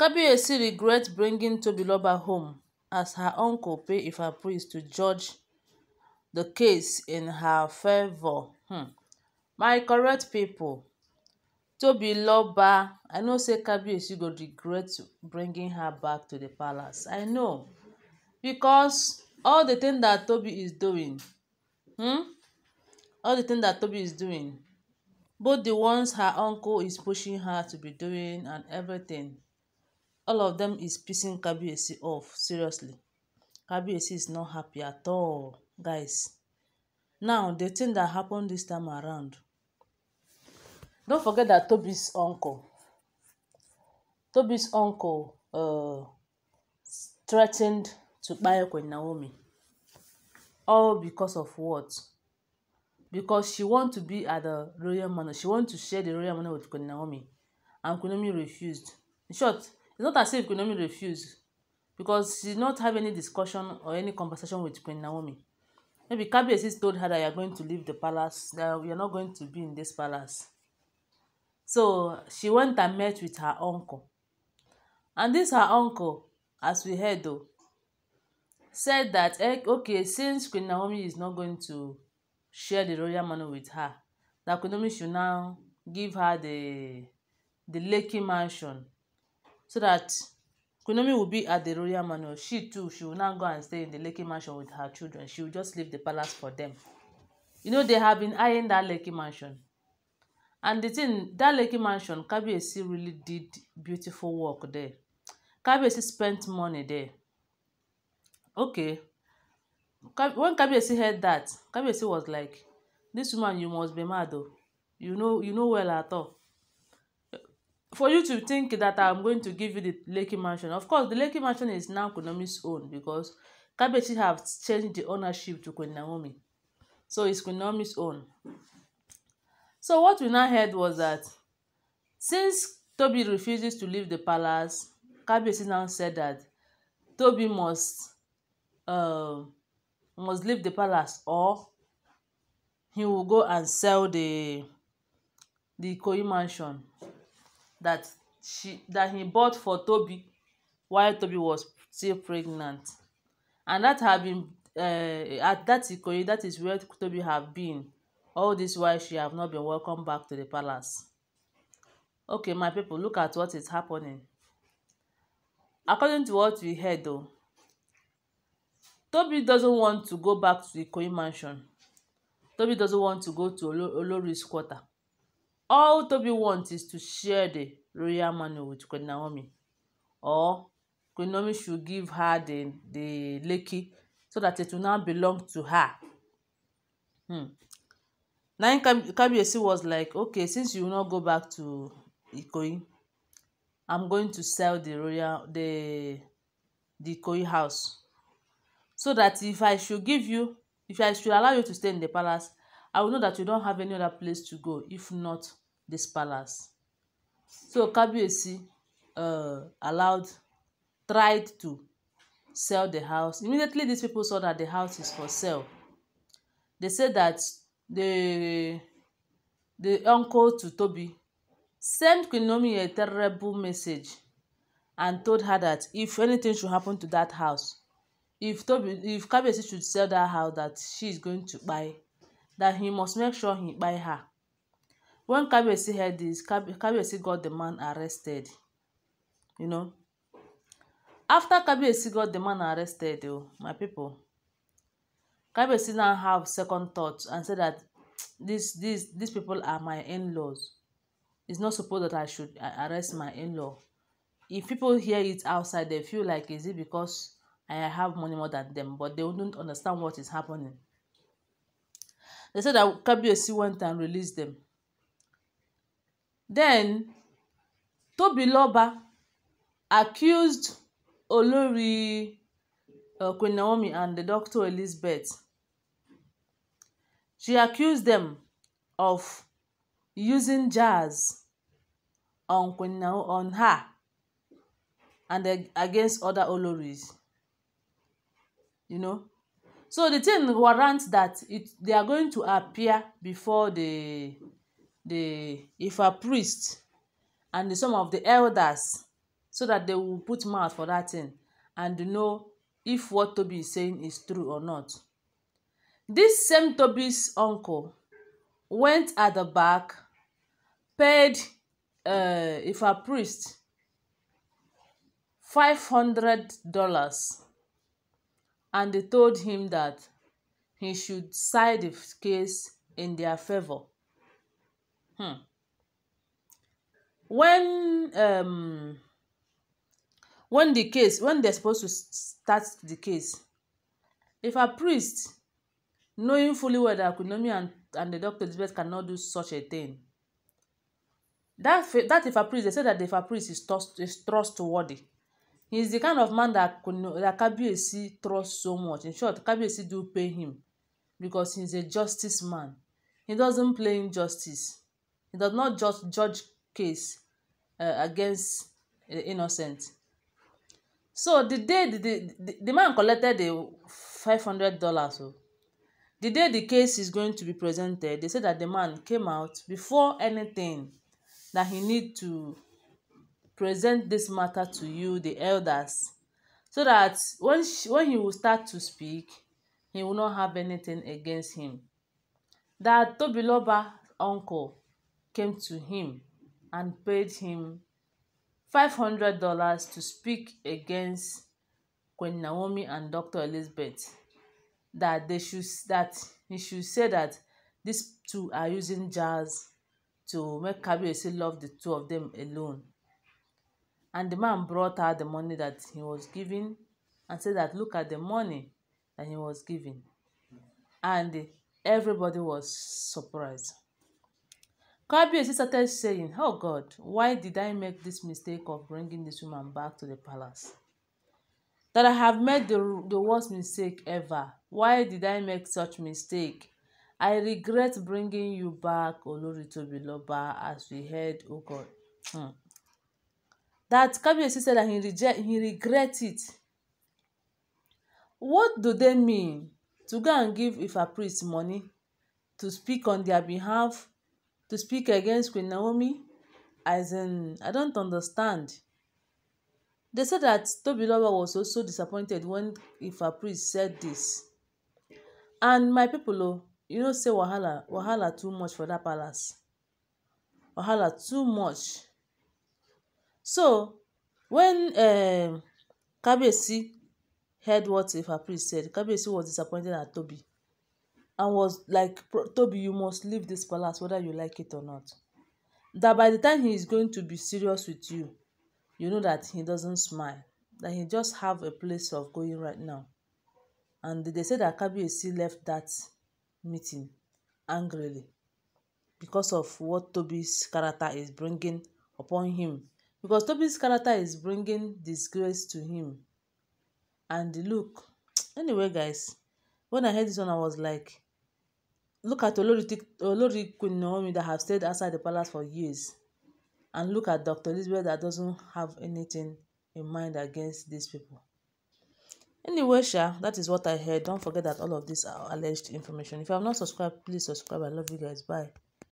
Kabiyesi regrets bringing Tobiloba home as her uncle pay Ifa priest to judge the case in her favour. um My correct pipo, Tobiloba, I know say Kabiyesi go regret bringing her back to the palace. I know because all the thing that Tobi is doing, hmm, all the thing that Tobi is doing, both the ones her uncle is pushing her to be doing and everything all of them is pissing Kabiyesi off seriously Kabiyesi is not happy at all guys now the thing that happen this time around don't forget that Tobi's uncle Tobi's uncle uh, threatened to kpai Queen Naomi all because of what because she want to be at the royal manor she want to share the royal manor with Queen Naomi and Queen Naomi refused in short it's not as if Queen refused because she did not have any discussion or any conversation with Queen Naomi. Maybe Kabiyesi told her that you are going to leave the palace, that you are not going to be in this palace. So she went and met with her uncle. And this her uncle, as we heard though, said that eh, okay, since Queen Naomi is not going to share the royal money with her, that Queen Naomi should now give her the the Lakey mansion so that Kunomi will be at the royal manor. She too, she will now go and stay in the Lekki mansion with her children. She will just leave the palace for them. You know, they have been eyeing that Lekki mansion. And the thing, that Lekki mansion, Kabiyesi really did beautiful work there. Kabiyesi spent money there. Okay. When Kabiyesi heard that, Kabiyesi was like, this woman, you must be mad oh. You know, you know well at all for you to think that i'm going to give you the lekki mansion of course the lekki mansion is now kunomi's own because kabeci have changed the ownership to queen so it's queen own so what we now heard was that since tobi refuses to leave the palace kabeci now said that tobi must uh, must leave the palace or he will go and sell the the Koi mansion that she that he bought for Toby, while Toby was still pregnant and that had been uh, at that Ikoyi that is where Toby have been all this while she have not been welcomed back to the palace okay my people look at what is happening according to what we heard though Toby doesn't want to go back to Ikoyi mansion Toby doesn't want to go to Olo Olori's quarter All Toby wants is to share the royal manor with Queen Naomi, or Queen Naomi should give her the the Lekki so that it will now belong to her. Hmm. Naim Kabiyesi was like, okay, since you will not go back to Ikoyi, I'm going to sell the royal the the Ikoyi house, so that if I should give you, if I should allow you to stay in the palace, I will know that you don't have any other place to go if not this palace. So Kabiyesi uh, allowed, tried to sell the house. Immediately these people saw that the house is for sale. They said that the, the uncle to Toby sent Queen a terrible message and told her that if anything should happen to that house, if Toby, if Kabiyesi should sell that house that she is going to buy, that he must make sure he buy her. When Kabiyesi heard this, Kabiyesi got the man arrested. You know. After Kabiyesi got the man arrested, oh, my people, Kabiyesi now have second thoughts and said that these these these people are my in-laws. It's not supposed that I should arrest my in-law. If people hear it outside, they feel like is it because I have money more than them, but they wouldn't understand what is happening. They said that Kabiyesi went and released them. Then Tobiloba accused Olori uh, Queen Naomi and the doctor Elizabeth. She accused them of using jars on Queen Naomi, on her and uh, against other Oloris. You know? So the thing warrants that it, they are going to appear before the the a priest and the, some of the elders so that they will put mouth for that thing and know if what Toby is saying is true or not. This same Toby's uncle went at the back, paid uh, if a priest $500 and they told him that he should side the case in their favor. Hmm. When um, when the case when they're supposed to start the case, if a priest, knowing fully well that Akunomi and, and the doctor Elizabeth cannot do such a thing, that that if a priest they say that if a priest is trust is trustworthy he is the kind of man that that Kabiyesi trust so much in short Kabiyesi do pay him because he's a justice man he doesn't play injustice He does not just judge case uh, against the eh, innocent. So the day the, the, the, man collected the five hundred dollars o oh, the day the case is going to be presented they say that the man came out before anything that he need to present this matter to you the elders so that when she, when he will start to speak he will not have anything against him that Tobiloba uncle came to him and paid him $500 to speak against Queen Naomi and Dr. Elizabeth that they should that he should say that these two are using jazz to make Kabiyesi love the two of them alone. And the man brought out the money that he was giving and said that look at the money that he was giving. And everybody was surprised. Kabiyesi started saying, Oh God, why did I make this mistake of bringing this woman back to the palace? That I have made the, the worst mistake ever. Why did I make such mistake? I regret bringing you back, Olori Tobiloba, as we heard, oh God. Hmm. That Kabiyesi said that he, reject, he regret it. What do they mean? To go and give if a priest money to speak on their behalf? to speak against Queen Naomi, as in, I don't understand. They said that Tobiloba was also disappointed when Ifa priest said this. And my people, oh, you know, say wahala, wahala too much for that palace. Wahala too much. So, when uh, eh, Kabesi heard what Ifa priest said, Kabesi was disappointed at Tobi and was like Toby, you must leave this palace whether you like it or not that by the time he is going to be serious with you you know that he doesn't smile that he just have a place of going right now and they say that Kabiyesi left that meeting angrily because of what Toby's character is bringing upon him because Toby's character is bringing disgrace to him and look anyway guys when i heard this one i was like Look at Olori Naomi that have stayed outside the palace for years. And look at Dr. Elizabeth that doesn't have anything in mind against these people. Anyway, Sha, that is what I heard. Don't forget that all of this are alleged information. If you have not subscribed, please subscribe. I love you guys. Bye.